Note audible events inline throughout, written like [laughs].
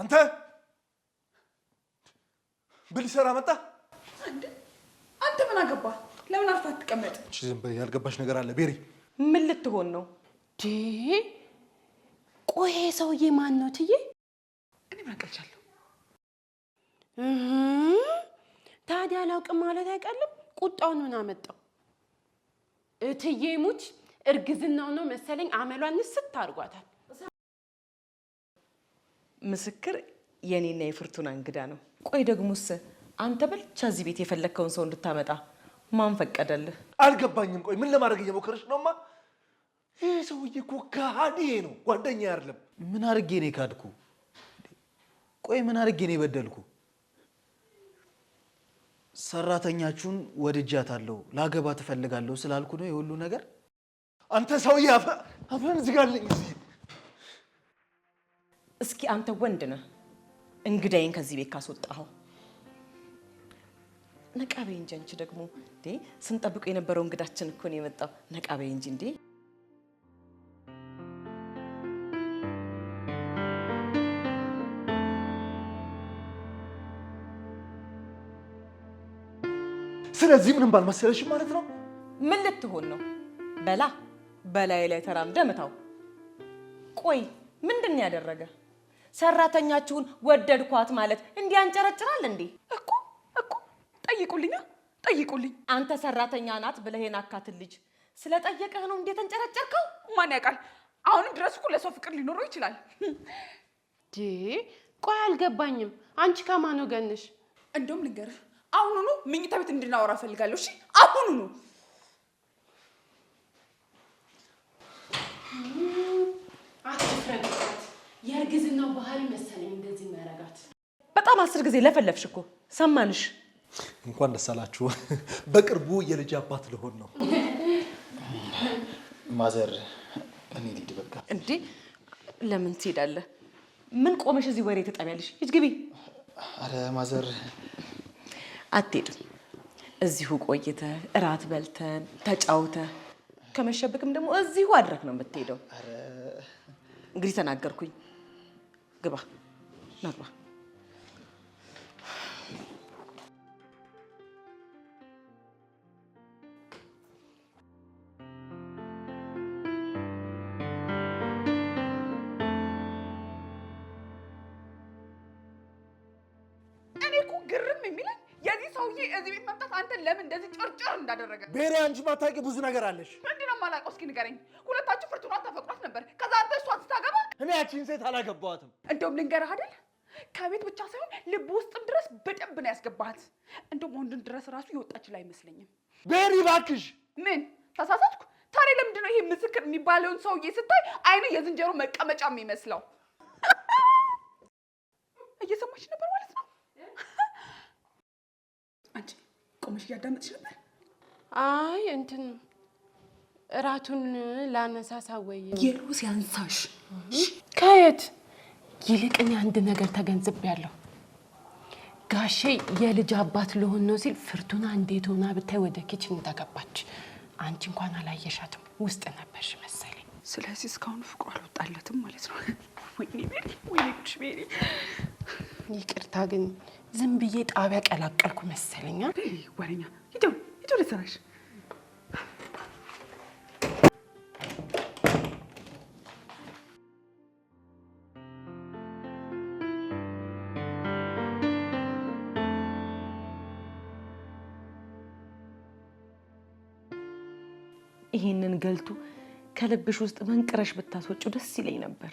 አንተ ብል ሰራ መጣ። አንተ ምን አገባ? ለምን አርፋ አትቀመጥ? ዝም በይ። ያልገባሽ ነገር አለ ቤሪ። ምን ልትሆን ነው? ቆይ ሰውዬ ማን ነው ትዬ? እኔ ምን አቀልቻለሁ? ታዲያ አላውቅም ማለት አይቀልም። ቁጣውን ምን አመጣው? እትዬ ሙች እርግዝናው ነው መሰለኝ አመሏን ስት አድርጓታል። ምስክር የኔና የፍርቱና እንግዳ ነው። ቆይ ደግሞስ አንተ ብቻ እዚህ ቤት የፈለግከውን ሰው እንድታመጣ ማን ፈቀደልህ? አልገባኝም። ቆይ ምን ለማድረግ እየሞከረች ነውማ? ይህ ሰውዬ እኮ ከሃዲ ነው፣ ጓደኛ አይደለም። ምን አድርጌ ነው የካድኩ? ቆይ ምን አድርጌ ነው የበደልኩ? ሰራተኛችሁን ወድጃታለሁ፣ ላገባ ትፈልጋለሁ ስላልኩ ነው የሁሉ ነገር አንተ ሰውዬ አፍህን ዝጋልኝ። እዚህ እስኪ አንተ ወንድ ነህ፣ እንግዳይን ከዚህ ቤት ካስወጣኸው ነቃ በይ እንጂ። አንቺ ደግሞ እንዴ ስንጠብቁ የነበረው እንግዳችን እኮ ነው የመጣው። ነቃ በይ እንጂ እንዴ። ስለዚህ ምንም ባልመሰለሽም ማለት ነው። ምን ልትሆን ነው? በላ በላይ ላይ ተራምደ ምታው። ቆይ ምንድን ነው ያደረገ? ሰራተኛችሁን ወደድኳት ማለት እንዲህ ያንጨረጭራል እንዴ? እኮ እኮ ጠይቁልኛ፣ ጠይቁልኝ። አንተ ሰራተኛ ናት ብለህን አካትን ልጅ ስለጠየቀህ ነው እንዴት ተንጨረጨርከው? ማን ያውቃል? አሁንም ድረስ እኮ ለሰው ፍቅር ሊኖረው ይችላል። ቆይ አልገባኝም። አንቺ ከማን ገንሽ እንደውም ልንገርህ፣ አሁኑኑ ምኝታ ቤት እንድናወራ እፈልጋለሁ። እሺ አሁኑኑ አትፍረድባት። የእርግዝናው ባህሪ መሰለኝ እንደዚህ የሚያደርጋት። በጣም አስር ጊዜ ለፈለፍሽ እኮ ሰማንሽ። እንኳን ደስ አላችሁ። በቅርቡ የልጅ አባት ልሆን ነው። ማዘር እኔ ልሂድ በቃ። እንዴ ለምን ትሄዳለህ? ምን ቆመሽ እዚህ ወሬ ትጠቢያለሽ? ሂጅ ግቢ። አረ ማዘር አትሄድም። እዚሁ ቆይተህ እራት በልተን ተጫውተህ ከመሸብክም ደግሞ እዚሁ አድረግ ነው የምትሄደው። እንግዲህ ተናገርኩኝ። ግባ ናግባ ለምን እንደዚህ ጭርጭር እንዳደረገ ቤሪ፣ አንቺ ማታውቂ ብዙ ነገር አለሽ። እንደማላውቀው እስኪ ንገረኝ። ሁለታችሁ ፍርቱናን ታፈቅሯት ነበር። ከዛ አንተ እሷን ስታገባ እኔ ያቺን ሴት አላገባዋትም። እንደውም ልንገርህ አይደል ከቤት ብቻ ሳይሆን ልብ ውስጥም ድረስ በደንብ ነው ያስገባሃት። እንደውም ወንድን ድረስ ራሱ የወጣችል አይመስለኝም። ቤሪ እባክሽ። ምን ተሳሳትኩ? ታዲያ ለምንድን ነው ይሄ ምስክር የሚባለውን ሰውዬ ስታይ አይነ የዝንጀሮ መቀመጫ የሚመስለው? እየሰማች ነበር ማለት ነው። አንቺ ቆመሽ እያዳመጥሽ ነበር። አይ እንትን እራቱን ላነሳሳ ወይ የሉስ ያንሳሽ። ከየት ይልቅኝ አንድ ነገር ተገንዝቤያለሁ። ጋሼ የልጅ አባት ልሆን ነው ሲል ፍርቱና እንዴት ሆና ብታይ ወደ ኪችን ተገባች። አንቺ እንኳን አላየሻትም፣ ውስጥ ነበርሽ መሰለኝ። ስለዚህ እስካሁን ፍቅሩ አልወጣለትም ማለት ነው። ይቅርታ ግን ዝም ብዬ ጣቢያ ቀላቀልኩ መሰለኛ። ወሬኛ ሂደው ሂደው ለሰራሽ ገልቱ ከልብሽ ውስጥ መንቅረሽ ብታስወጪው ደስ ይለኝ ነበር።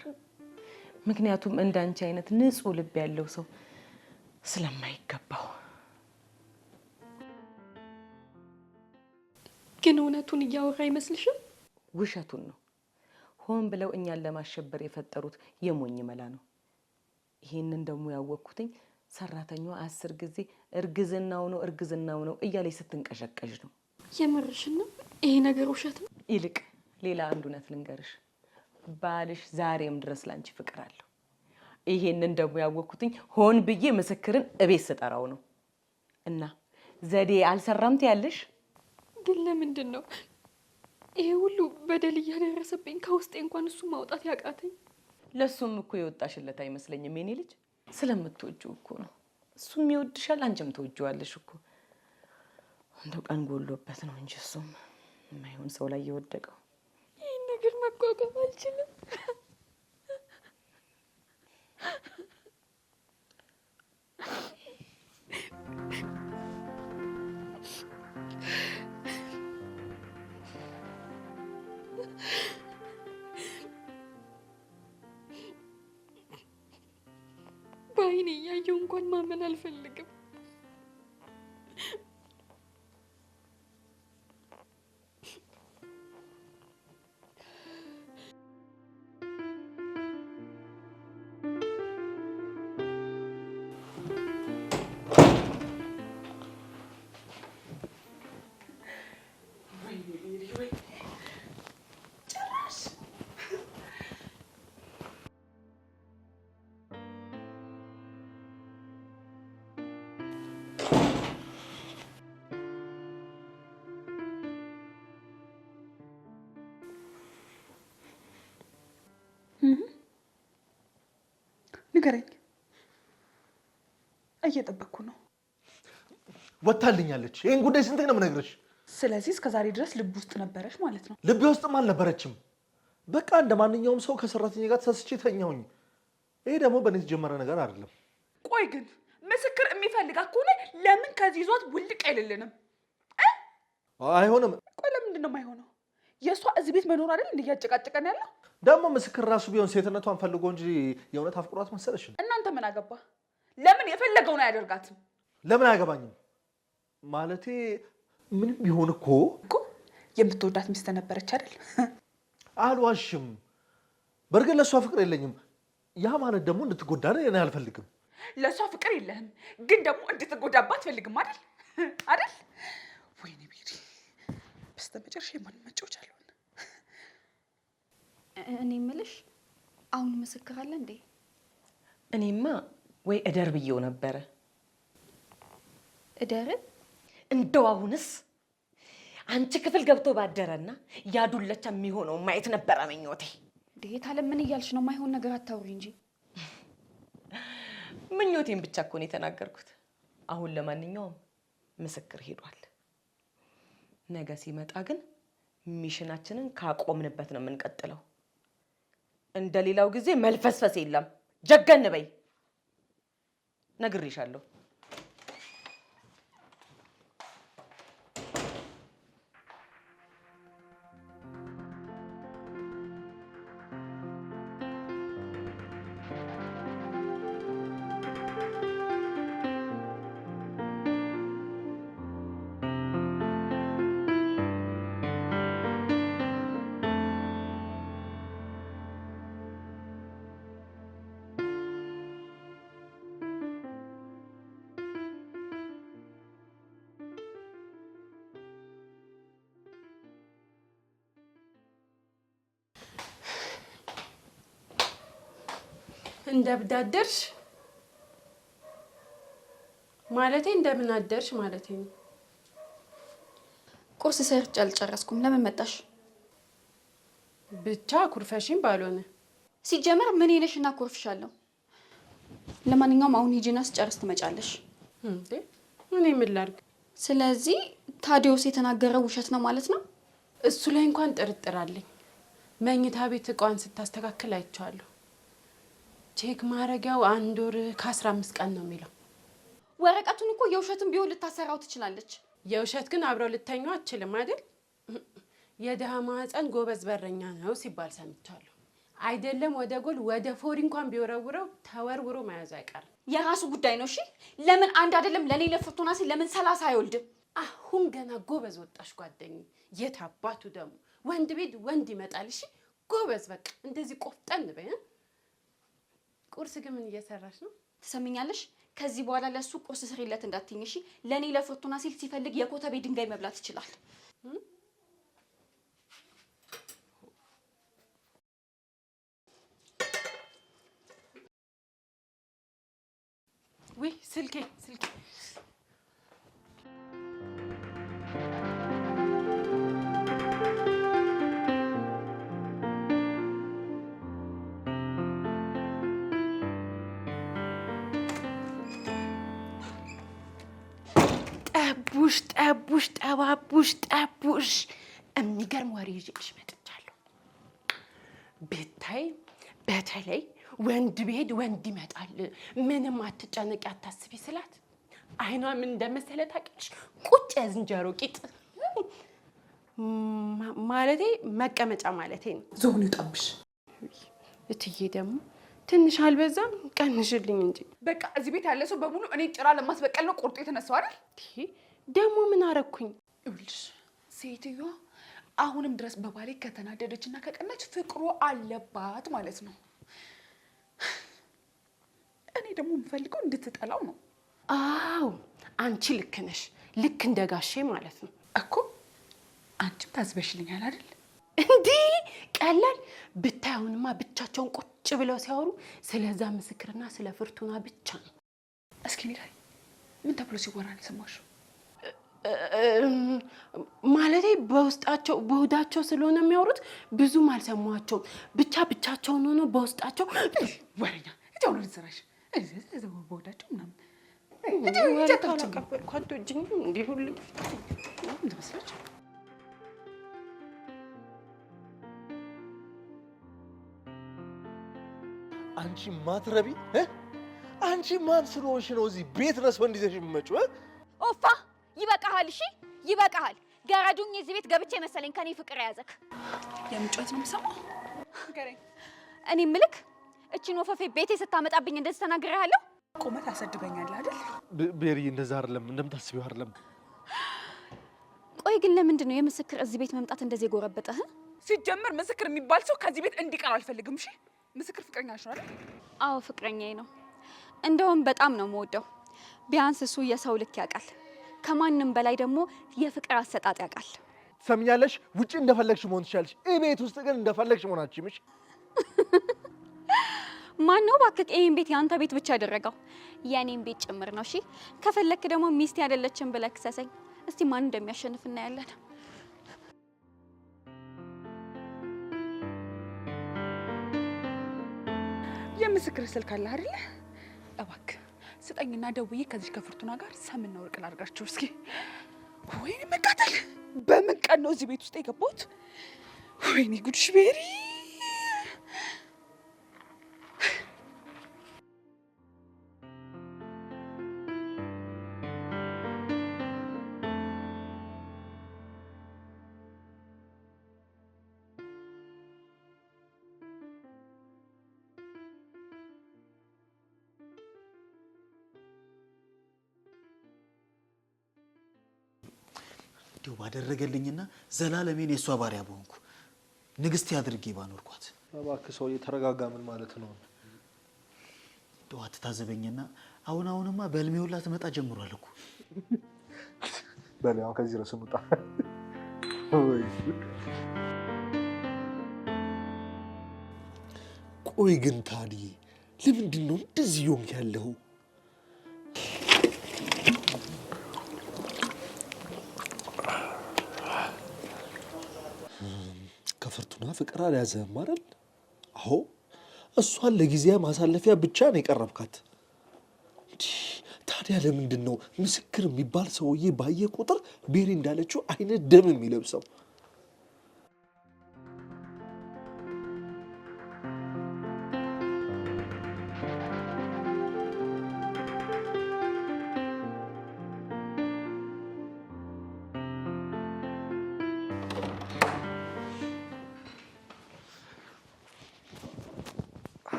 ምክንያቱም እንዳንቺ አይነት ንጹህ ልብ ያለው ሰው ስለማይገባው። ግን እውነቱን እያወራ አይመስልሽም? ውሸቱን ነው። ሆን ብለው እኛን ለማሸበር የፈጠሩት የሞኝ መላ ነው። ይህንን ደግሞ ያወቅኩትኝ ሰራተኛዋ አስር ጊዜ እርግዝናው ነው እርግዝናው ነው እያለች ስትንቀሸቀሽ ነው። የምርሽን ነው? ይሄ ነገር ውሸት ነው። ይልቅ ሌላ አንድ እውነት ልንገርሽ፣ ባልሽ ዛሬም ድረስ ላንቺ ፍቅር አለው። ይሄንን ደግሞ ያወቅኩትኝ ሆን ብዬ ምስክርን እቤት ስጠራው ነው። እና ዘዴ አልሰራምት ያለሽ ግን ለምንድን ነው ይሄ ሁሉ በደል እያደረሰብኝ ከውስጤ እንኳን እሱ ማውጣት ያቃተኝ? ለእሱም እኮ የወጣሽለት አይመስለኝም። የኔ ልጅ ስለምትወጁ እኮ ነው። እሱም ይወድሻል፣ አንቺም ትወጂዋለሽ እኮ። እንደው ቀን ጎሎበት ነው እንጂ እሱም የማይሆን ሰው ላይ የወደቀው ይህን ነገር መቋቋም አልችልም። በአይኔ እያየው እንኳን ማመን አልፈልግም። ንገረኝ። እየጠበቅኩ ነው። ወታልኛለች። ይህን ጉዳይ ስንት ነው የምነግርሽ? ስለዚህ እስከ ዛሬ ድረስ ልብ ውስጥ ነበረች ማለት ነው። ልቤ ውስጥም አልነበረችም። በቃ እንደ ማንኛውም ሰው ከሰራተኛ ጋር ተሳስቼ ተኛሁኝ። ይሄ ደግሞ በእኔ የተጀመረ ነገር አይደለም። ቆይ ግን ምስክር የሚፈልጋት ከሆነ ለምን ከዚህ ይዟት ውልቅ አይልልንም? አይሆንም። ቆይ ለምንድን ነው የማይሆነው? የእሷ እዚህ ቤት መኖር አይደል እንዲ እያጨቃጨቀን ያለው። ደግሞ ምስክር ራሱ ቢሆን ሴትነቷን ፈልጎ እንጂ የእውነት አፍቅሯት መሰለሽ? እናንተ ምን አገባ? ለምን የፈለገውን አያደርጋትም? ለምን አያገባኝም? ማለቴ ምንም ቢሆን እኮ እኮ የምትወዳት ሚስት ነበረች አይደል? [laughs] አልዋሽም። በእርግጥ ለእሷ ፍቅር የለኝም። ያ ማለት ደግሞ እንድትጎዳ እኔ አልፈልግም። ለእሷ ፍቅር የለህም፣ ግን ደግሞ እንድትጎዳባ አትፈልግም አይደል? [laughs] አይደል እስከ መጨረሻ የማንም መጫወቻ አለሆነ እኔ ምልሽ አሁን ምስክር አለ እንዴ? እኔማ ወይ እደር ብዬው ነበረ። እደር እንደው አሁንስ አንቺ ክፍል ገብቶ ባደረና ያዱለቻ የሚሆነው ማየት ነበረ ምኞቴ። እንዴት አለ ምን እያልሽ ነው? ማይሆን ነገር አታውሪ እንጂ። ምኞቴን ብቻ እኮ ነው የተናገርኩት። አሁን ለማንኛውም ምስክር ሄዷል። ነገ ሲመጣ ግን ሚሽናችንን ካቆምንበት ነው የምንቀጥለው። እንደሌላው ጊዜ መልፈስፈስ የለም። ጀገን በይ ነግሬሻለሁ። እንደብዳደርሽ ማለቴ እንደምን አደርሽ ማለቴ ነው። ቁርስ ሰርቼ አልጨረስኩም። ለምን መጣሽ? ብቻ ኩርፈሽም ባልሆነ ሲጀመር ምን ነሽ እና ኩርፍሻለሁ። ለማንኛውም አሁን ሂጂና ስጨርስ ትመጫለሽ። እኔ ምን ላድርግ? ስለዚህ ታዲዮስ የተናገረው ውሸት ነው ማለት ነው። እሱ ላይ እንኳን ጥርጥር አለኝ። መኝታ ቤት እቃዋን ስታስተካክል አይቼዋለሁ። ቼክ ማድረጊያው አንድ ወር ከአስራ አምስት ቀን ነው የሚለው። ወረቀቱን እኮ የውሸትን ቢሆን ልታሰራው ትችላለች። የውሸት ግን አብረው ልተኙ አችልም አይደል? የድሃ ማህፀን ጎበዝ በረኛ ነው ሲባል ሰምቻለሁ። አይደለም ወደ ጎል ወደ ፎሪ እንኳን ቢወረውረው ተወርውሮ መያዙ አይቀርም። የራሱ ጉዳይ ነው። እሺ ለምን አንድ አይደለም ለሌለ ፍርቱና ሲል ለምን ሰላሳ አይወልድም? አሁን ገና ጎበዝ ወጣሽ ጓደኝ። የት አባቱ ደግሞ ወንድ ቤት ወንድ ይመጣል። እሺ ጎበዝ በቃ እንደዚህ ቆፍጠን በይ። ቁርስ ግን ምን እየሰራሽ ነው? ትሰሚኛለሽ? ከዚህ በኋላ ለሱ ቁርስ ስሪለት እንዳትኝ እሺ። ለእኔ ለፍርቱና ሲል ሲፈልግ የኮተቤ ድንጋይ መብላት ይችላል። ውይ ስልኬ ስልኬ ጠቡሽ፣ ጠባቡሽ፣ ጠቡሽ። የሚገርም ወሬ ይዤልሽ መጥቻለሁ ቤታይ። በተለይ ወንድ ብሄድ ወንድ ይመጣል፣ ምንም አትጨነቂ አታስቢ ስላት አይኗ ምን እንደመሰለ ታውቂያለሽ? ቁጭ የዝንጀሮ ቂጥ ማለቴ መቀመጫ ማለቴ ነው። ዞኑ ይጠብሽ እትዬ ደግሞ ትንሽ አልበዛም? ቀንሽልኝ እንጂ በቃ እዚህ ቤት ያለ ሰው በሙሉ እኔ ጭራ ለማስበቀል ነው ቆርጦ የተነሳው አይደል? ደግሞ ምን አረግኩኝ? ይኸውልሽ ሴትዮዋ አሁንም ድረስ በባሌ ከተናደደች እና ከቀናች ፍቅሩ አለባት ማለት ነው። እኔ ደግሞ የምፈልገው እንድትጠላው ነው። አዎ አንቺ ልክ ነሽ። ልክ እንደ ጋሼ ማለት ነው እኮ። አንቺም ታዝበሽልኛል አይደል? እንዲህ ቀላል ብታየውንማ ብቻቸውን ቁጭ ብለው ሲያወሩ ስለዛ ምስክርና ስለ ፍርቱና ብቻ ነው። እስኪ ምን ተብሎ ሲወራ አልሰማሽም? ማለት በውስጣቸው በሆዳቸው ስለሆነ የሚያወሩት ብዙም አልሰማቸውም። ብቻ ብቻቸውን ሆኖ በውስጣቸው ወሬኛ እጃው ልዝራሽ በሆዳቸው ምናምን አንቺ ማትረቢ አንቺ ማን ስለሆንሽ ነው እዚህ ቤት ረስበ እንዲዘሽ የምትመጪው? ኦፋ ይበቃሃል። እሺ ይበቃሃል። ገረዱኝ። እዚህ ቤት ገብቼ መሰለኝ ከኔ ፍቅር የያዘክ። የምጮት ነው የምሰማው። እኔ ምልክ እቺን ወፈፌ ቤቴ ስታመጣብኝ እንደዚህ ተናግሬሃለሁ? ቁመት አሰድበኛል አይደል? ቤሪ እንደዛ አይደለም፣ እንደምታስቢው አይደለም። ቆይ ግን ለምንድን ነው የምስክር እዚህ ቤት መምጣት እንደዚህ የጎረበጠህ? ሲጀምር ምስክር የሚባል ሰው ከዚህ ቤት እንዲቀር አልፈልግም። እሺ ምስክር ፍቅረኛ ነው አይደል? አዎ ፍቅረኛዬ ነው። እንደውም በጣም ነው የምወደው። ቢያንስ እሱ የሰው ልክ ያውቃል። ከማንም በላይ ደግሞ የፍቅር አሰጣጥ ያውቃል። ትሰምኛለሽ? ውጭ እንደፈለግሽ መሆን ትችላለሽ፣ እቤት ውስጥ ግን እንደፈለግሽ መሆናችሁ ምሽ ማን ነው እባክህ ይሄን ቤት የአንተ ቤት ብቻ ያደረገው? የኔም ቤት ጭምር ነው። እሺ ከፈለክ ደግሞ ሚስቴ አይደለችም ብለህ ክሰሰኝ። እስቲ ማን እንደሚያሸንፍ እናያለን። የምስክር ስልክ አለ አይደለ? ስጠኝና ደውዬ ከዚህ ከፍርቱና ጋር ሰምና ወርቅ ላድርጋቸው እስኪ። ወይኔ መቃጠል! በምን ቀን ነው እዚህ ቤት ውስጥ የገባሁት? ወይኔ ጉድሽ ቤሪ እንዲሁ ባደረገልኝና ዘላለሜን የእሷ ባሪያ በሆንኩ ንግስት አድርጌ ባኖርኳት። እባክህ ሰው ተረጋጋ። ምን ማለት ነው? እንደው አትታዘበኝና አሁን አሁንማ በህልሜ ሁላ ትመጣ ጀምሯል እኮ በል አሁን ከዚህ ረስ ውጣ። ቆይ ግን ታዲያ ለምንድን ነው እንደዚህ ዮም ያለው? ፍቅር አልያዘህም አይደል? አዎ፣ እሷን ለጊዜያ ማሳለፊያ ብቻ ነው የቀረብካት። ታዲያ ለምንድን ነው ምስክር የሚባል ሰውዬ ባየ ቁጥር ቤሪ እንዳለችው አይነት ደም የሚለብሰው?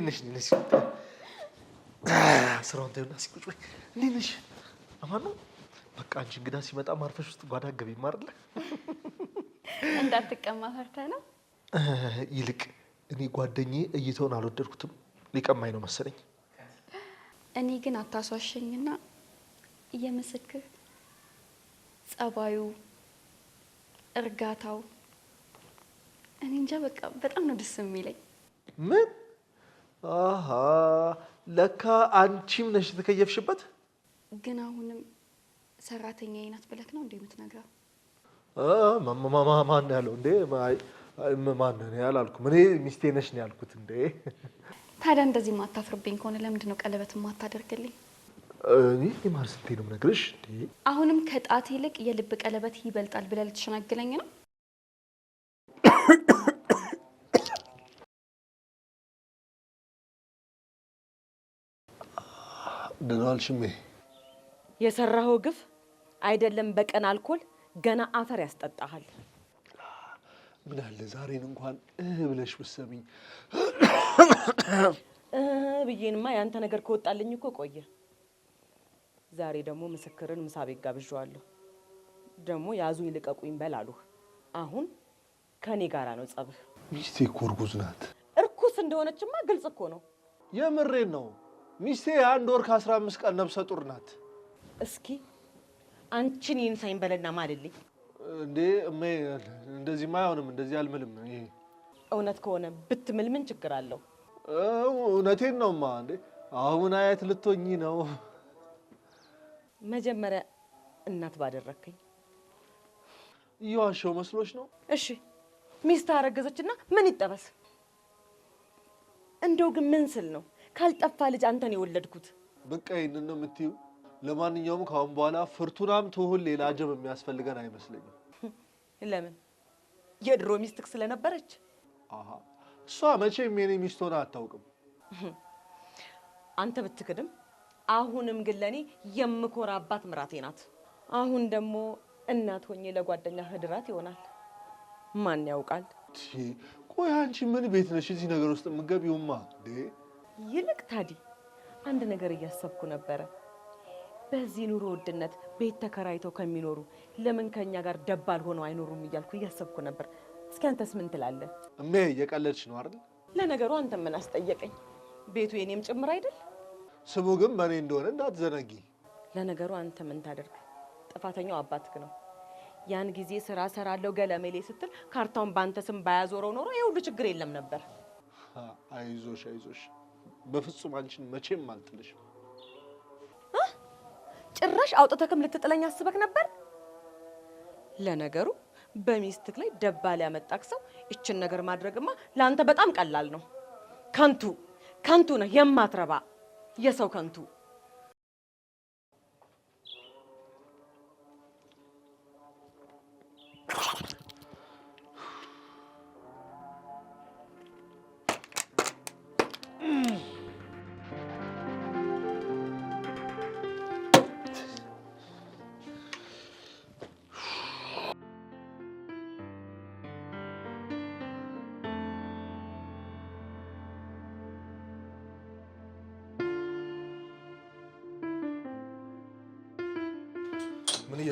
እንዴት ነሽ? እንዴት ነሽ? ስራውን ተይውና ሲቁጭ ወይ እንዴት ነሽ? አማን ነው። በቃ አንቺ እንግዳ ሲመጣ ማርፈሽ ውስጥ ጓዳ ገቢ ማርለ እንዳትቀማ ፈርተህ ነው። ይልቅ እኔ ጓደኛዬ እይተውን አልወደድኩትም። ሊቀማኝ ነው መሰለኝ። እኔ ግን አታሷሸኝና የምስክር ጸባዩ፣ እርጋታው እኔ እንጃ በቃ በጣም ነው ደስ የሚለኝ። ምን ለካ አንቺም ነሽ የተከየፍሽበት። ግን አሁንም ሰራተኛ ናት ብለህ ነው እንዴ የምትነግረው? ማን ያለው እንዴ? ማንን አላልኩም እኔ ሚስቴ ነሽ ነው ያልኩት። እንዴ ታዲያ እንደዚህ የማታፍርብኝ ከሆነ ለምንድን ነው ቀለበት የማታደርግልኝ? እኔ የማር ስንቴ ነው የምነግርሽ? አሁንም ከጣት ይልቅ የልብ ቀለበት ይበልጣል ብለህ ልትሸናግለኝ ነው? ድኗል ሽሜ። የሰራኸው ግፍ አይደለም በቀን አልኮል ገና አፈር ያስጠጣሃል። ምን አለ ዛሬን እንኳን እህ ብለሽ ብትሰሚኝ። ብዬንማ ያንተ ነገር ከወጣልኝ እኮ ቆየ። ዛሬ ደግሞ ምስክርን ምሳ ቤት ጋብዣዋለሁ። ደግሞ ያዙኝ ልቀቁኝ በል አሉህ። አሁን ከኔ ጋራ ነው ጸብህ። ሚስቴ እኮ እርጉዝ ናት። እርኩስ እንደሆነችማ ግልጽ እኮ ነው። የምሬን ነው። ሚስቴ አንድ ወር ከአስራ አምስት ቀን ነብሰ ጡር ናት። እስኪ አንቺን ይህን ሳይን በለና ማልልኝ እንዴ! እሜ እንደዚህማ አይሆንም፣ እንደዚህ አልምልም። ይሄ እውነት ከሆነ ብትምል ምን ችግር አለው? እውነቴን ነውማ። እንዴ አሁን አያት ልትሆኚ ነው። መጀመሪያ እናት ባደረግከኝ። እየዋሸው መስሎች ነው? እሺ ሚስት አረገዘችና ምን ይጠበስ? እንደው ግን ምን ስል ነው ካልጠፋ ልጅ አንተን የወለድኩት። በቃ ይህንን ነው የምትይው? ለማንኛውም ከአሁን በኋላ ፍርቱናም ትሁን ሌላ አጀብ የሚያስፈልገን አይመስለኝም። [laughs] ለምን? የድሮ ሚስትክ ስለነበረች? እሷ መቼም የኔ ሚስት ሆና አታውቅም። [laughs] አንተ ብትክድም አሁንም ግን ለእኔ የምኮራ አባት ምራቴ ናት። አሁን ደግሞ እናት ሆኜ ለጓደኛ ህድራት ይሆናል። ማን ያውቃል? ቆይ አንቺ ምን ቤት ነሽ እዚህ ነገር ውስጥ የምትገቢውማ? ይልቅ ታዲ አንድ ነገር እያሰብኩ ነበረ። በዚህ ኑሮ ውድነት ቤት ተከራይተው ከሚኖሩ ለምን ከኛ ጋር ደባል ሆነው አይኖሩም እያልኩ እያሰብኩ ነበር። እስኪ አንተስ ምን ትላለህ? እሜ የቀለድሽ ነው አይደል? ለነገሩ አንተ ምን አስጠየቀኝ? ቤቱ የኔም ጭምር አይደል? ስሙ ግን በእኔ እንደሆነ እንዳትዘነጊ። ለነገሩ አንተ ምን ታደርግ፣ ጥፋተኛው አባትህ ነው። ያን ጊዜ ስራ ሰራለው ገለሜሌ ስትል ካርታውን በአንተ ስም ባያዞረው ኖሮ ይህ ሁሉ ችግር የለም ነበር። አይዞሽ አይዞሽ በፍጹም አንቺን መቼም አልጥልሽ። ጭራሽ አውጥተክም ልትጥለኝ አስበክ ነበር። ለነገሩ በሚስትክ ላይ ደባል ያመጣክ ሰው ይችን ነገር ማድረግማ ለአንተ በጣም ቀላል ነው። ከንቱ ከንቱ ነህ፣ የማትረባ የሰው ከንቱ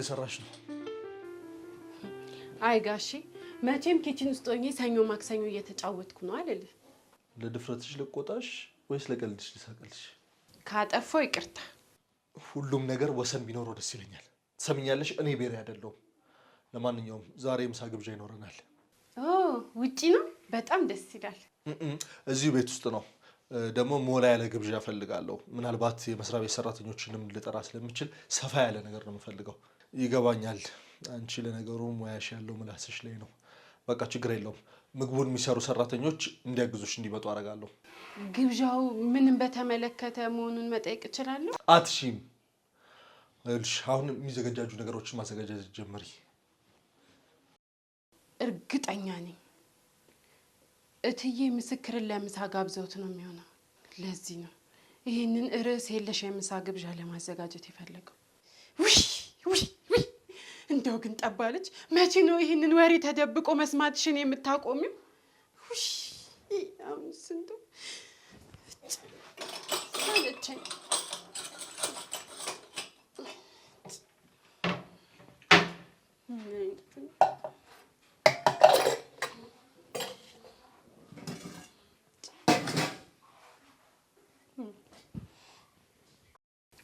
እየሰራሽ ነው? አይ ጋሺ፣ መቼም ኪችን ውስጥ ሆኜ ሰኞ ማክሰኞ እየተጫወትኩ ነው አልልህ። ለድፍረትሽ ልቆጣሽ ወይስ ለቀልድሽ ልሳቀልሽ? ካጠፋው ይቅርታ። ሁሉም ነገር ወሰን ቢኖረው ደስ ይለኛል። ትሰምኛለሽ? እኔ ቤሪ አይደለሁም። ለማንኛውም ዛሬ ምሳ ግብዣ ይኖረናል። ውጪ ነው? በጣም ደስ ይላል። እዚሁ ቤት ውስጥ ነው። ደግሞ ሞላ ያለ ግብዣ እፈልጋለሁ። ምናልባት የመስሪያ ቤት ሰራተኞችንም ልጠራ ስለምችል ሰፋ ያለ ነገር ነው የምፈልገው። ይገባኛል። አንቺ ለነገሩ ሙያሽ ያለው ምላስሽ ላይ ነው። በቃ ችግር የለውም። ምግቡን የሚሰሩ ሰራተኞች እንዲያግዙሽ እንዲመጡ አደርጋለሁ። ግብዣው ምንም በተመለከተ መሆኑን መጠየቅ እችላለሁ? አትሺም። ይኸውልሽ አሁን የሚዘገጃጁ ነገሮችን ማዘጋጀት ጀምሪ። እርግጠኛ ነኝ እትዬ ምስክርን ለምሳ ጋብዘውት ነው የሚሆነው። ለዚህ ነው ይህንን ርዕስ የለሽ የምሳ ግብዣ ለማዘጋጀት የፈለገው። እንደው ግን ጠባለች። መቼ ነው ይህንን ወሬ ተደብቆ መስማትሽን የምታቆሚው? ስንቱ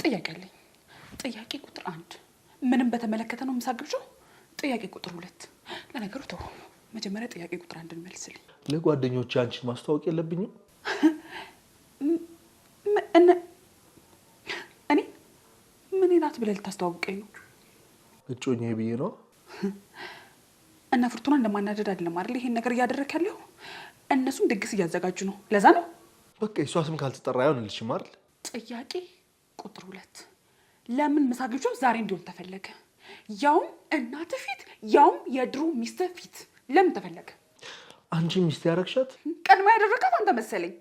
ጥያቄ አለኝ ጥያቄ ምንም በተመለከተ ነው ምሳ ግብዣው። ጥያቄ ቁጥር ሁለት ለነገሩ ተው፣ መጀመሪያ ጥያቄ ቁጥር አንድን መልስልኝ። ለጓደኞች አንቺን ማስተዋወቅ የለብኝም እኔ ምን ናት ብለህ ልታስተዋውቀኝ ነው? እጮኛ ብዬ ነው። እና ፍርቱና እንደማናደድ አይደለም አይደል? ይሄን ነገር እያደረግ ያለው እነሱም ድግስ እያዘጋጁ ነው። ለዛ ነው በቃ የሷ ስም ካልተጠራ አይሆንልሽም አይደል? ጥያቄ ቁጥር ሁለት ለምን ምሳ ግብዣው ዛሬ እንዲሆን ተፈለገ? ያውም እናት ፊት፣ ያውም የድሮ ሚስት ፊት ለምን ተፈለገ? አንቺ ሚስት ያረግሻት ቀድማ ያደረጋት አንተ መሰለኝ።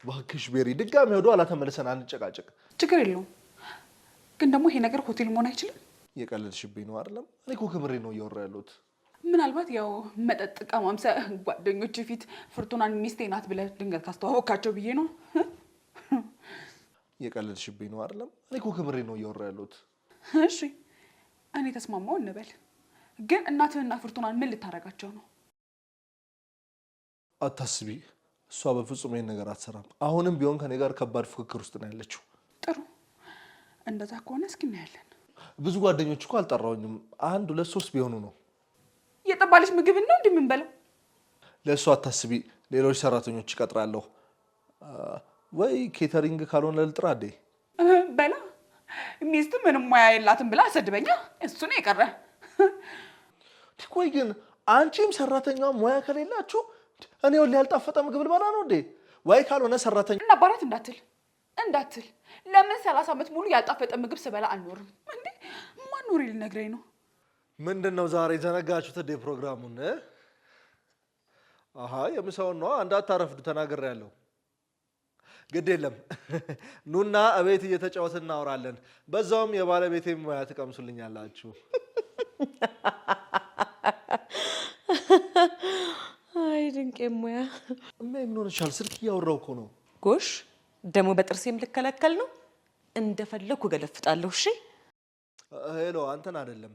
እባክሽ ቤሪ፣ ድጋሚ ወደ ኋላ ተመልሰን አንጨቃጨቅ። ችግር የለውም ግን ደግሞ ይሄ ነገር ሆቴል መሆን አይችልም። የቀለድሽብኝ ነው አይደለም? እኔ እኮ ክብሬ ነው እያወራ ያለሁት። ምናልባት ያው መጠጥ ቀማምሰ ጓደኞች ፊት ፍርቱናን ሚስቴ ናት ብለህ ድንገት ካስተዋወካቸው ብዬ ነው። እየቀለድሽብኝ ነው አይደለም? እኔ እኮ ክብሬ ነው እያወራ ያለሁት። እሺ እኔ ተስማማው እንበል፣ ግን እናትህና ፍርቱናን ምን ልታደርጋቸው ነው? አታስቢ፣ እሷ በፍጹም ይህን ነገር አትሰራም። አሁንም ቢሆን ከኔ ጋር ከባድ ፍክክር ውስጥ ነው ያለችው። ጥሩ፣ እንደዛ ከሆነ እስኪ እናያለን። ብዙ ጓደኞች እኮ አልጠራውኝም። አንድ ሁለት ሶስት ቢሆኑ ነው። የጠባለች ምግብ ነው እንዲህ የምንበላው። አታስቢ፣ ሌሎች ሰራተኞች ይቀጥራለሁ። ወይ ኬተሪንግ ካልሆነ ልጥራ እንዴ [laughs] በላ ሚስት ምንም ሙያ የላትም ብላ አሰድበኛ። እሱ ነው የቀረ። ቆይ ግን አንቺም ሰራተኛዋን ሙያ ከሌላችሁ እኔ ወላ ያልጣፈጠ ምግብ ልበላ ነው እንዴ? ወይ ካልሆነ ሰራተኛ እናባራት እንዳትል እንዳትል። ለምን ሰላሳ ዓመት ሙሉ ያልጣፈጠ ምግብ ስበላ አልኖርም እንዴ? ማን ኖር ሊነግረኝ ነው? ምንድን ነው ዛሬ ዘነጋችሁት እንዴ ፕሮግራሙን? አሀ የምሳውን ነዋ። እንዳታረፍዱ ተናግሬያለሁ። ግድ የለም [laughs] ኑና እቤት እየተጫወት እናወራለን። በዛውም የባለቤቴ ሙያ ትቀምሱልኛላችሁ። [laughs] አይ ድንቄ ሙያ እማ ምን ሆነሻል? ስልክ እያወራው እኮ ነው። ጎሽ ደግሞ በጥርሴም ልከለከል ነው? እንደፈለግኩ ገለፍጣለሁ። እሺ ሄሎ፣ አንተን አይደለም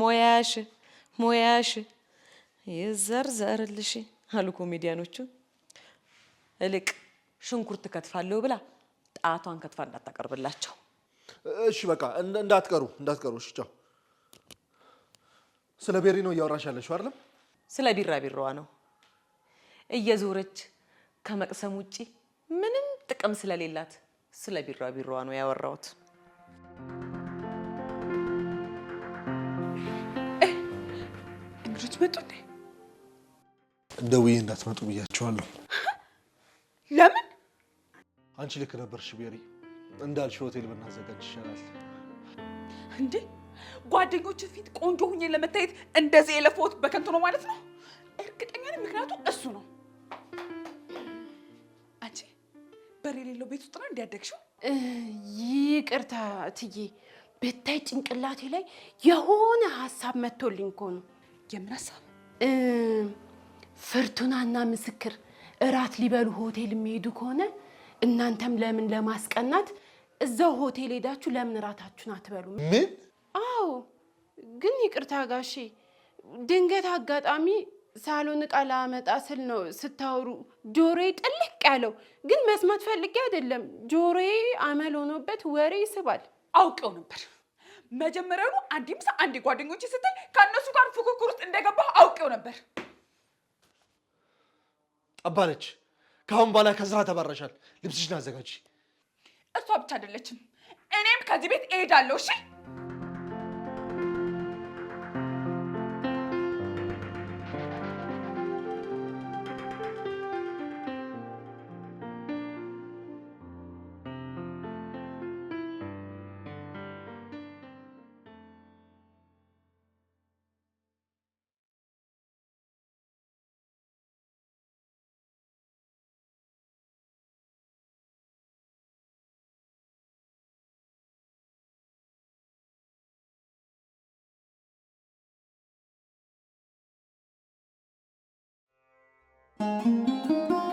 ሞያሽ ሞያሽ ዘርልሽ አሉ ኮሜዲያኖቹ እልቅ ሽንኩርት ከትፋለሁ ብላ ጣቷን ከትፋ እንዳታቀርብላቸው። እሺ በቃ እንዳትቀሩ እንዳትቀሩ። እሺ ቻው። ስለ ቤሪ ነው እያወራሽ ያለሽው አይደለም? ስለ ቢራቢሮዋ ነው እየዞረች ከመቅሰም ውጪ ምንም ጥቅም ስለሌላት ስለ ቢራቢሮዋ ነው ያወራሁት። እንግዶች መጡ እንዴ? ደውዬ እንዳትመጡ ብያቸዋለሁ። ለምን አንቺ ልክ ነበርሽ ቤሪ። እንዳልሽ ሆቴል ብናዘጋጅ ይሻላል። እንዴ ጓደኞች ፊት ቆንጆ ሁኜ ለመታየት እንደዚህ የለፈውት በከንቱ ነው ማለት ነው። እርግጠኛ ነኝ ምክንያቱ እሱ ነው። አንቺ በር የሌለው ቤት ውስጥ ነው እንዲያደግሽው። ይቅርታ እትዬ፣ ብታይ ጭንቅላቴ ላይ የሆነ ሀሳብ መጥቶልኝ እኮ ነው። የምን ሀሳብ? ፍርቱናና ምስክር እራት ሊበሉ ሆቴል የሚሄዱ ከሆነ እናንተም ለምን ለማስቀናት እዛው ሆቴል ሄዳችሁ ለምን እራታችሁን አትበሉ? ምን? አዎ። ግን ይቅርታ ጋሼ፣ ድንገት አጋጣሚ ሳሎን እቃ ላመጣ ስል ነው ስታወሩ ጆሮዬ ጥልቅ ያለው። ግን መስማት ፈልጌ አይደለም፣ ጆሮዬ አመል ሆኖበት ወሬ ይስባል። አውቀው ነበር መጀመሪያኑ። አንዴ ምሳ፣ አንዴ ጓደኞች ስትል ከእነሱ ጋር ፉክክር ውስጥ እንደገባሁ አውቀው ነበር። ጠባለች ከአሁን በኋላ ከስራ ተባረሻል። ልብስሽን አዘጋጅ። እሷ ብቻ አይደለችም፣ እኔም ከዚህ ቤት እሄዳለሁ። እሺ Música